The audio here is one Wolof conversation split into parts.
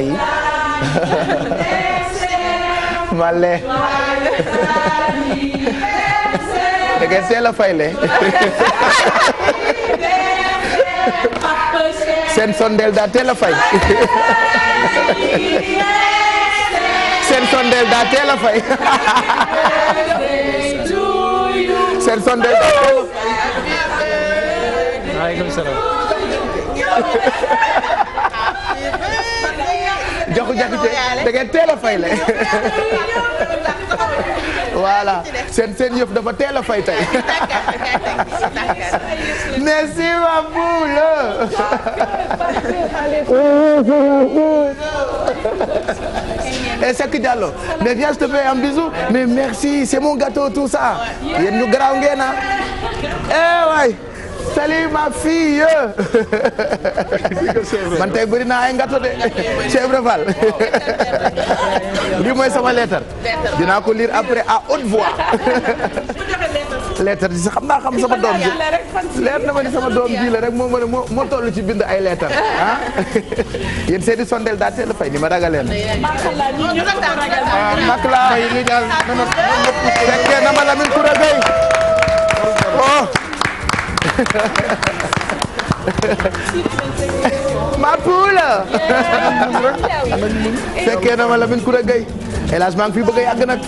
yi male da ngay seel a fayle seen sondeel daa teel a fay seen sondeel daa teel a fay seen sondeel daa teel a fay. maaleykum salaam. joxu jaxite da ngeen teel a fay le seen seen dafa teel a fay merci ma poule et eh, Seck Diallo mais viens je te fais un bisou mais merci c'est mon gâteau tout ça yéen ñu garaaw ngeen ah eh salut ma fille. man tey bëri naa ay de chèvre Fall. mooy sama lettre. dinaa ko liir après à haute voix. lettre ji xam naa xam sama doom ji leer na ma sama doom ji la rek moo mën a moo moo ci bind ay lettre ah yéen seeni sondeel daa fay ni ma ragaleen waaw mak ni daal fekkee na ma poule. fekkee na ma Lamine Koura Gueye hélas fi bëgg a yàgg nag.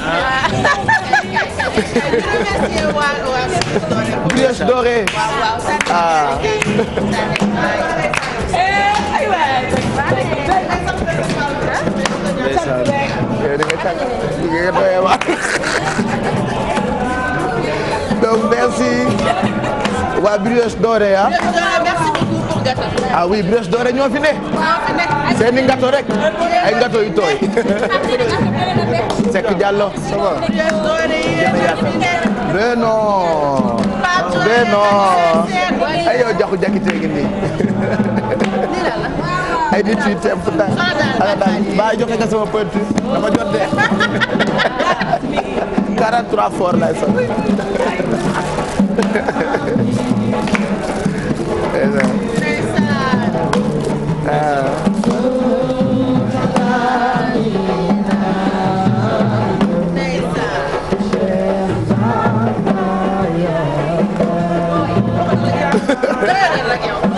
brioche dorée. ah. donc merci. waa Brioche Dorée ah. merci beaucoup pour gâteau. ah oui Brioche Dorée ñoo fi ne. Ah, seen i gâteau rek ay gâteau yu tooy. Seck Diallo ça va. mais non. mais non. ay yow jaxu jakitee ngi nii. ay nit yu teem pourtant. ala daal baa joxe nga sama peinture dama jot de. 43 fort lay sax. dëgg la rek yow.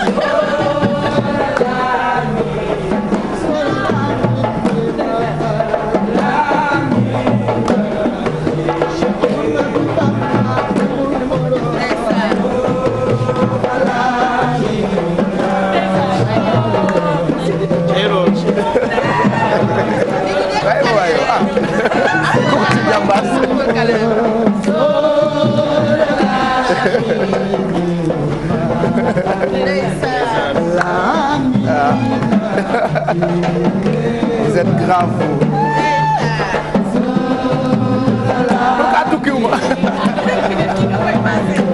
vous êtes grave vous.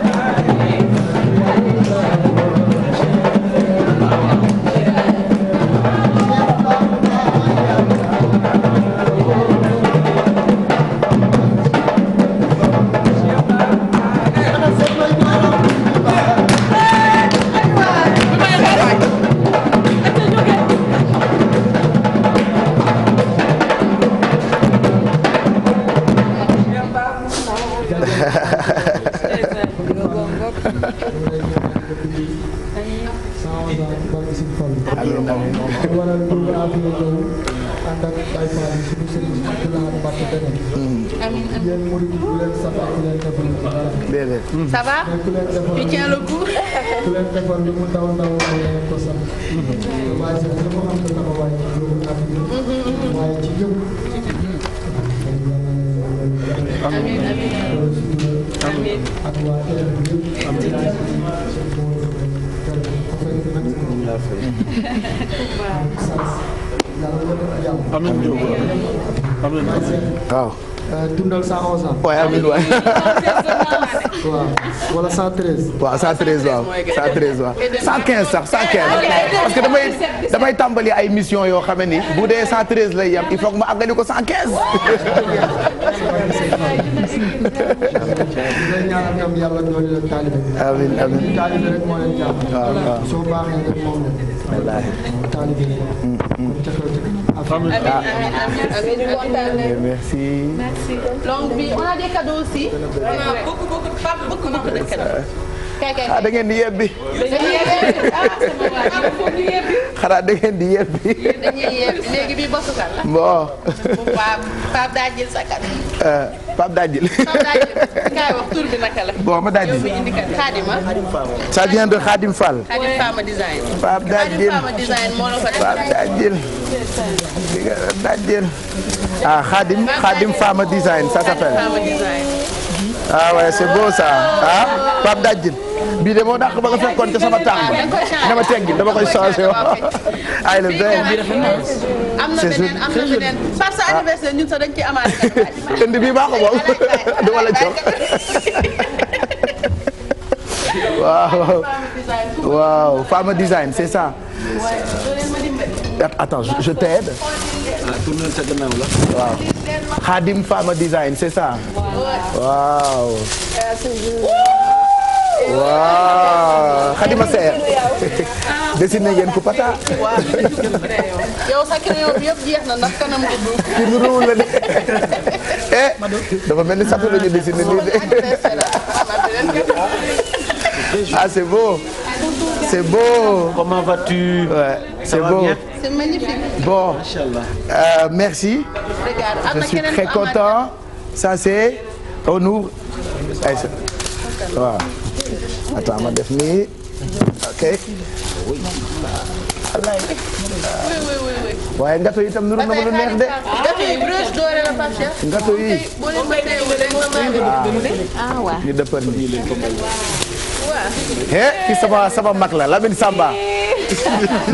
ànd ak ay faal yi suñu sëriñ di la Mbacke beneen. amiin amiin yéen murid bu leen safa ku leen defal lu dara. déedéet. Hmm. ça va. ku leen defal tu tiens le coup. ku leen defal lu mu ndaw ndaw ndaw leen ko sax. waaye sax li mu am ko sama waay ci loolu ak yi. waaye ci yëpp. amiin amiin amiin ak waa télé bi yëpp. am nañu jóg san nañu waaw. Euh, dundal 111 ans. waaye amiin waay. waaw wala 113. waaw damay tàmbali ay mission yoo xam ne ni bu dee 113 lay yam il faut que ma àggali ko 115. amiin amiin waaw soo baaxee rek moom la. wallaahi. taalibe yi. merci. merci. donc on a des cadeaux aussi. on a beaucoup beaucoup beaucoup de cadeaux. ah da ngeen di yebbi. xanaa da ngeen di yebbi. dañuy yebbi ah, léegi bii bosukat la. bon. Pape Dadjil sa kat. Euh, Pape Dadjil. Pape Dadjil kaay wax tur bi naka la. bon ma Dadjil Xadima. ça vient de Khadim Fall. Khadim Fama design. Pape Dadjil Khadim Fama design moo la ko def. Pape Dadjil. Dadjil. ah Khadim Khadim Fama design ça s'appelle. ah ouais c'est beau ça ah Pape Dadjil. bii de moo dàq ba nga fekkoon ca sama tànk dama teggi dama koy changé waaw. ay la benn bi rafet na am na beneen am na beneen par sa waaw waaw Design c'est ça. attends je t'aide. Ah, waaw. Khadim Fama waaw. waaw xadima seer dessiné ngeen ku pata yow sa crayon bi yëpp jeex na ndax kanam gi du ci lu ruwul la de eh dafa mel ni sax la ñu dessiné nii de ah c'est beau c'est beau comment vas-tu ouais c'est beau c'est magnifique bon euh, merci je suis très content ça c'est on ouvre waaw attends ma def nii ok waaye ngato yi itam nuru na ma lu neex de. ngato yi doore la Pape Cheikh. ngato yi ñu dëppar nii he eh, ki sama mag la Lamine Samba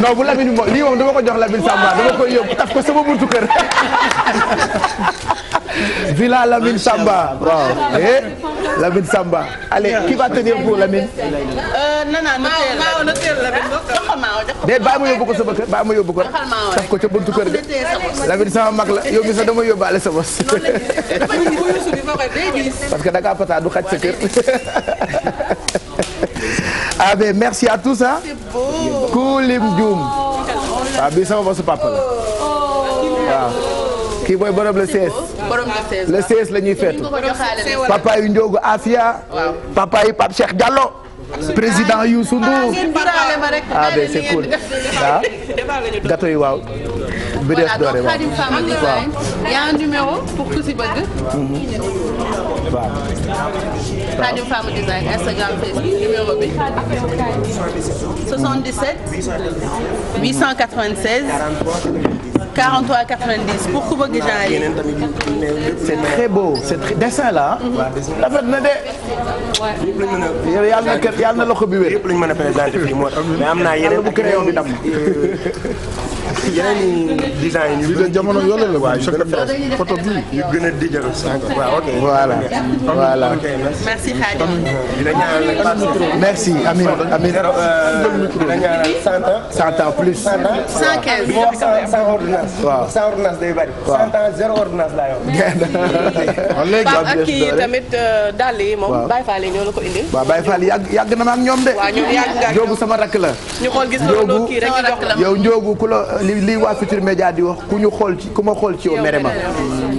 non bu Lamine moom lii moom dama ko jox Lamine Samba dama koy yóbbu taf ko sama buntu kër Villa Lamine Samba waaw eh Lamine Samba allez qui tenir pour Lamine. Euh, nana na teel la na teel la de bàyyi ma yóbbu ko sama kër bàyyi ma yóbbu ko rek daf ko ca buntu kër ga Lamine sama mag la yow mi sax dama sa bos. parce que da ngaa sa kër. ah ben merci à tous ah. Koulim Dioum. Ah, papa la oh. waaw kii mooy le 16 la ñuy feetu papa yu Ndiogu Afia papa yu Pape Cheikh Diallo président Youssou ah, Ndour ah ben c'est cool ah gâteau yi waaw. bi des doore waaw voilà y a un numéro pour ku si bëgg. Mhm. 43 90 pour ku bëgg genre yi. c'est très beau c'est très dessin là. rafet na de. yow yàlla na kër yàlla na loxo bi wér. yëpp lañ mën a présenté fii moo tax mais am naa yeneen ak yeneen yu yeneen i design yu gën a jamono yoo la waaw yu gën a fees photo bi yu gën a dijjal waaw ok voilà voilà merci Khadim euh, dina ñaanal merci Amir Amir euh, dina ñaanal cent ans cent ans plus cent quinze boo wax cent ordonnance waaw cent ordonnance day bari cent ans zéro ordonnance laa yor Pape ak kii tamit euh, dàll yi moom Baye Fall yi ñoo la ko indil waaw Baye Fall yàgg yàgg na ma ak ñoom de waaw ñoom yàgg nga Njóogu sama rakk la ñu xool gis nga kii rek jox la yow Njóogu ku la li li waa Futur Média di wax ku ñu xool ci ku ma xool ci yow mere ma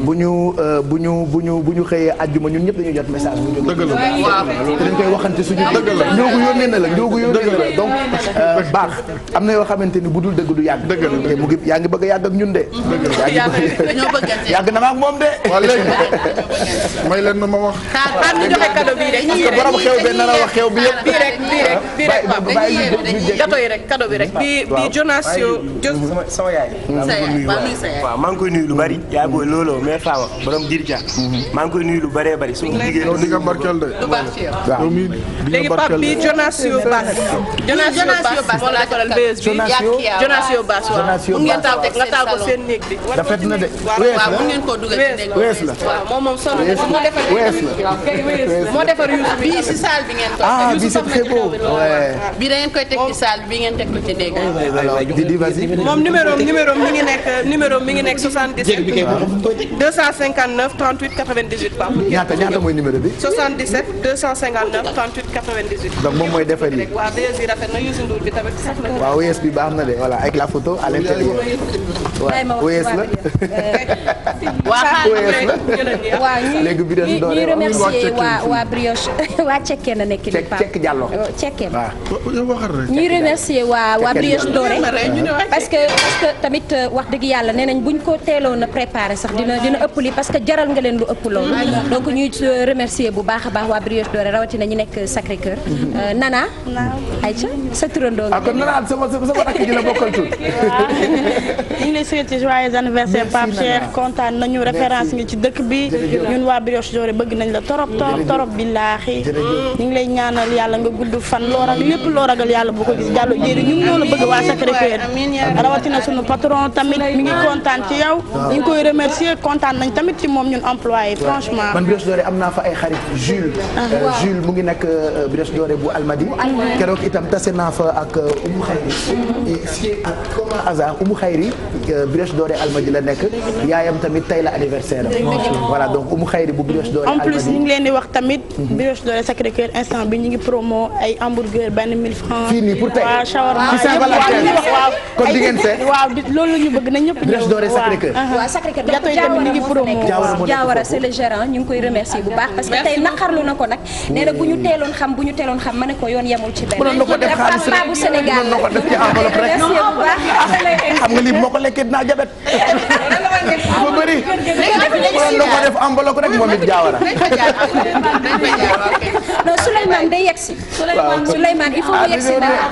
bu ñu bu ñu bu ñu bu ñu xëyee àjjuma ñun ñëpp dañuy jot message bu ñu dëgg la koy waxante suñu dëgg la ñoogu yónnee na la ñoogu yónnee na la donc baax am na yoo xamante ni bu dul dëgg du yàgg te mu ngi yaa ngi bëgg a yàgg ak ñun de yaa yàgg na ma ak moom de waaw léegi may leen na ma wax ñu joxe cadeau bi rek parce que wax xew bi yëpp bii rek bii rek bii rek gâteau yi rek cadeau bi rek sama sama yaay. waaw maa ngi koy nuyu lu bari. yaa ngi koy ja. Mhm. maa ngi koy nuyu lu bëree lu baax ci yow. waaw léegi Pape bi Jonasio Bass. Jonasio Bass moo laajal bés bi. Jonasio Bass waaw. mu ngeen taal teg nga taal ko seen néeg bi. de wees la ngeen koo dugal ci néeg la waaw moom moom sonn na moo defar bii si salle bi ngeen toog. Ah, bi ngeen koy ko ci néeg moom numéro am numéro mi ngi nekk numéro mi ngi nekk 77. 259 38 98 Pape. ñaata ñaata mooy numéro bi. 77 259 38 98. donc moom mooy defar yi. waaw bi rafet na Youssou Ndour bi tamit sax na. waaw OS bi baax na de voilà avec la photo à l'intérieur. waaw OS la. waa OS la. waaw ñuy ñuy remercier waa waa brioche waa cekkee na nekk nii Pape. cekk Diallo cekkee. waaw ñuy remercier waa waa brioche Dorée parce que. parce tamit euh, wax dëgg yàlla nee nañ buñ ko teeloon a préparé sax dina dina ëpp li parce que jaral nga leen lu ëpp loolu. Mm-hmm. Mm-hmm. donc ñuy euh, remercier bu baax a baax waa Brioche Dorée rawatina ñi nekk Sacré Cœur. Mm-hmm. Euh, Nana. Aïcha sa turandoo. ah kon Nana sama sama rakk ji la bokkal tur. ñu ngi lay souhaiter joyeux anniversaire Pape Cheikh kontaan nañu référence ngi ci dëkk bi ñun waa Brioche Dorée bëgg nañ la torop torop torop billaahi ñu ngi lay ñaanal yàlla nga gudd fan loo ragal lépp loo ragal yàlla bu ko gis jàllo jëri ñu ngi loolu rawatina sunu patron tamit mi ngi kontaan ci yow. waaw ah. ñu koy remercier kontaan nañ tamit ci moom ñun employé franchement. man Brioche Dorée am naa fa ay xarit Jules. Ah. Euh, Jules mu ngi nekk euh, Brioche Dorée bu Almadi. keroog itam tase naa fa ak euh, Oumou Khayri. Mm-hmm. et si ak comment hasard Oumou Khayri Brioche Dorée Almadi la nekk. yaayam tamit tey la anniversaire am. voilà donc Oumou Khayri bu Brioche Dorée Almadi. en plus ñu ngi leen di wax tamit. Mm-hmm. Brioche Dorée Sacré-Cœur instant bi ñu ngi promo ay hamburger benn 1000 francs. fii nii pour tey waaw shawarma yëpp waaw ñu ngi wax waaw. waaw loolu la ñu bëgg na ñëpp ñëw waaw waaw Sacré Cœur donc Diawara moo ngi koy remercier bu baax parce tey naqarlu na ko nag nee na bu ñu teeloon xam bu ñu teeloon xam ma ne ko yoon yemul ci benn mënoon na ko def xaalis rek bu Sénégal mënoon na ko def xam nga lii moo ko lekkee dinaa jabet ba bëri mënoon na ko def enveloppe rek moom it Diawara non Souleymane day yegsi Souleymane il faut mu yegsi ah,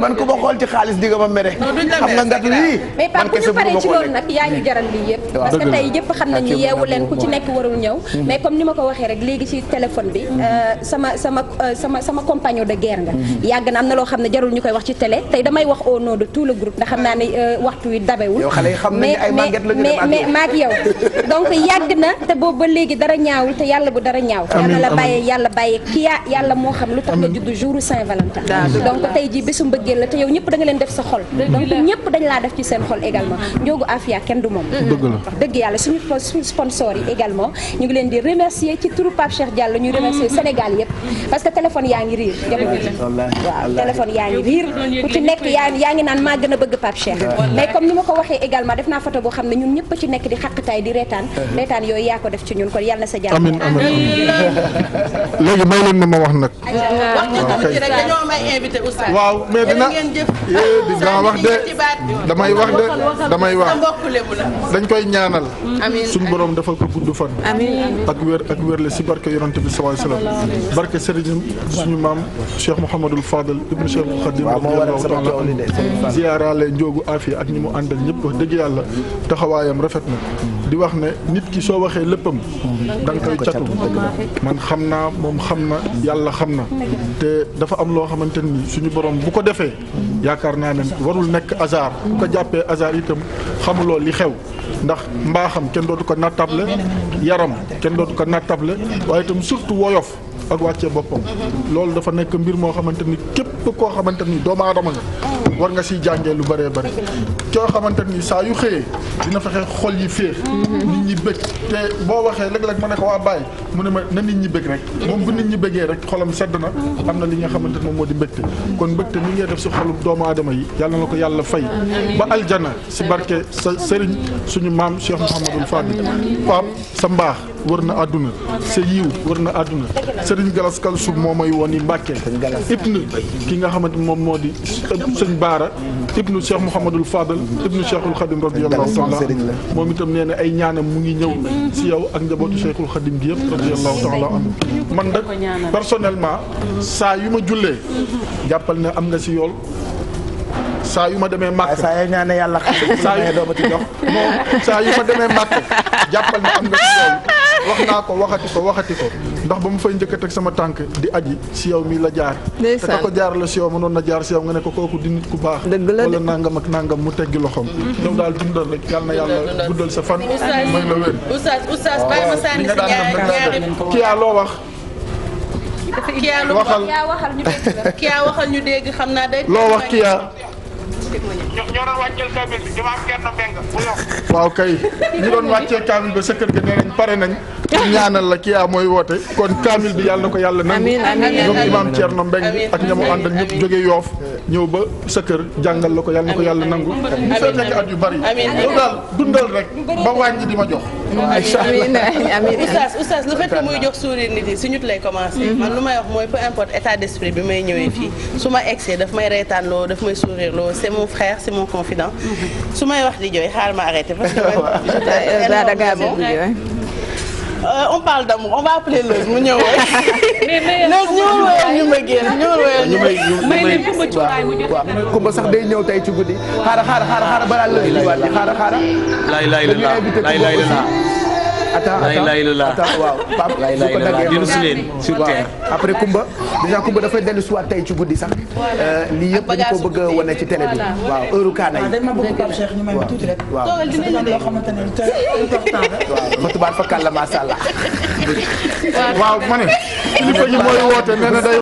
man ku ma xool ci xaalis di ma mere. xam nga ngat lii. mais Pape bu ñu paree ci loolu nag yaa ñu jaral lii yëpp. parce que tey yëpp xam nañu yeewu leen ku ci nekk warul ñëw. Mm-hmm. mais comme ni ma ko waxee rek léegi ci téléphone bi. Mm-hmm. Euh, sama sama euh, sama sama compagnon de guerre nga. Mm-hmm. yàgg na am na loo xam ne jarul ñu koy wax ci télé tey damay wax au nom tout le groupe ndax xam naa ne euh, waxtu wi dabewul. yow mais mais maag yow donc yàgg na te boobu ba léegi dara ñaawul te yàlla bu dara ñaaw. yàlla la bàyyee yàlla bàyyee moo xam lu tax nga judd jouru xol mm-hmm. donc ñëpp dañ laa def ci seen xol également mm-hmm. Ndiogou Afia kenn du moom mm-hmm. dëgg yàlla suñu sponsor yi également ñu ngi leen di remercier ci turu Pape Cheikh Diallo ñuy remercier Sénégal yëpp parce que téléphone yaa ngi riir ku ci nekk yaa ngi naan maa gën a bëgg Pape Cheikh mais comme ni ma ko waxee également def naa photo boo xam ne ñun ñëpp ci nekk di xaqtaay di reetaan uh-huh. reetaan yooyu yaa ko def ci ñun kon yàlla na sa jàmm léegi may leen ma ma wax nag waaw mais danaa wax de damay wax de damay wax dañ koy ñaanal. suñu borom defal ko gudd fan. ak wér ak wér la si barke yonent bi sallallahu alayhi wa sallam barke Serigne suñu maam Cheikh Mouhamadul Fadel ibnu Cheikh Khadim radiyallahu taala anhu ziyaaraale Njoogu Afia ak ñi mu àndal ñëpp wax dëgg yàlla taxawaayam rafet na. di wax ne nit ki soo waxee léppam da nga koy catu man xam naa moom xam na yàlla xam na te dafa am loo xamante ni suñu borom bu ko defee yaakaar naa ne warul nekk hasard bu ko jàppee hasard itam xamuloo li xew ndax mbaaxam kenn dootu ko nattable yaram kenn dootu ko nattable waaye itam surtout woyof ak wàccee boppam loolu dafa nekk mbir moo xamante ni képp koo xamante ni doomu aadama na war nga siy jàngee lu bëree bëri koo xamante ni saa yu xëyee dina fexe xol yi féex nit ñi bëgg te boo waxee léeg-léeg ma ne ko waa bàyyi mu ne ma na nit ñi bëgg rek moom bu nit ñi bëggee rek xolam sedd na am na li nga xamante moom moo di mbégte kon mbégte mi ngay def si xolub doomu aadama yi yàlla na ko yàlla fay ba aljana si barke sa sëriñ suñu maam Cheikh Mouhamadul Fadil sa mbaax wër na àdduna sa yiw wër na àdduna sëriñ Galas Kalsum moo may woon yi Mbàkke ibnu ki nga xamante moom moo di sëñ Baara ibnu Cheikh Mouhamadul Fadal ibnu Cheikhul Khadim radiyallahu taala moom itam nee na ay ñaanam mu ngi ñëw si yow ak njabootu Cheikhul Khadim gi yëpp radiyallahu taala anhu man nag personnellement saa yu ma jullee jàppal na am nga si yool saa yu ma demee màkk saa yu yàlla xam saa yu dooma ci dox jàppal ne am nga si yool wax naa ko waxati ko waxati ko ndax ba mu fay njëkk a sama tànk di aji si yow mii la jaar te ka ko jaar la si yow mënoon na jaar si yow nga ne ko kooku di nit ku baax wala nangam ak nangam mu teggi loxoom yow daal dundal rek na yàlla guddal sa fan may la loo wax kiyaa waxal kiyaa dégg xam naa day loo wax kiyaa ñoo doon wàcceel kaamil nañ pare nañ ñaanal la ki yaa mooy woote kon kaamil bi yàlla na ko yàlla nangu ñoom imaam Thierno Mbeng ak ñamu àndal ñëpp jóge sa kër jàngal la ko yàlla ko yàlla nangu ñu fekk at yu bari yow daal ma jox amiin oustaz oustaz le fait que muy jox sourire nit yi si ñut lay commencer mhm. man lu may wax mooy peu importe état d'esprit bi may ñëwee fii su ma egsee daf may reetaan loo daf may sourire loo c'est mon frère c'est mon confident mhm. su may wax di jooy xaar ma arrêté parce que on parle d'amour on va appeler Loz mu ñëw mais Loz ñëwal wéyal ñu ma génn ñëwal wéyal ñu ma génn waaw Kumba sax day ñëw tey ci guddi xaaral xaaral xaaral balaa Loz ñëwaat xaaral xaaral. laay laay la laay laay la attends attends waaw Pape su ko daggee waaw après Kumba déjà Kumba dafay dellu soit tey ci guddi sax euh, lii yëpp dañu ko bëgg a wane ci télé bi waaw heure kaana yi. Ah, waaw dañ ma bëgg Pape waaw loo xamante ne tey important la. waaw la ma ne. li ko ñu mooy woote nee day.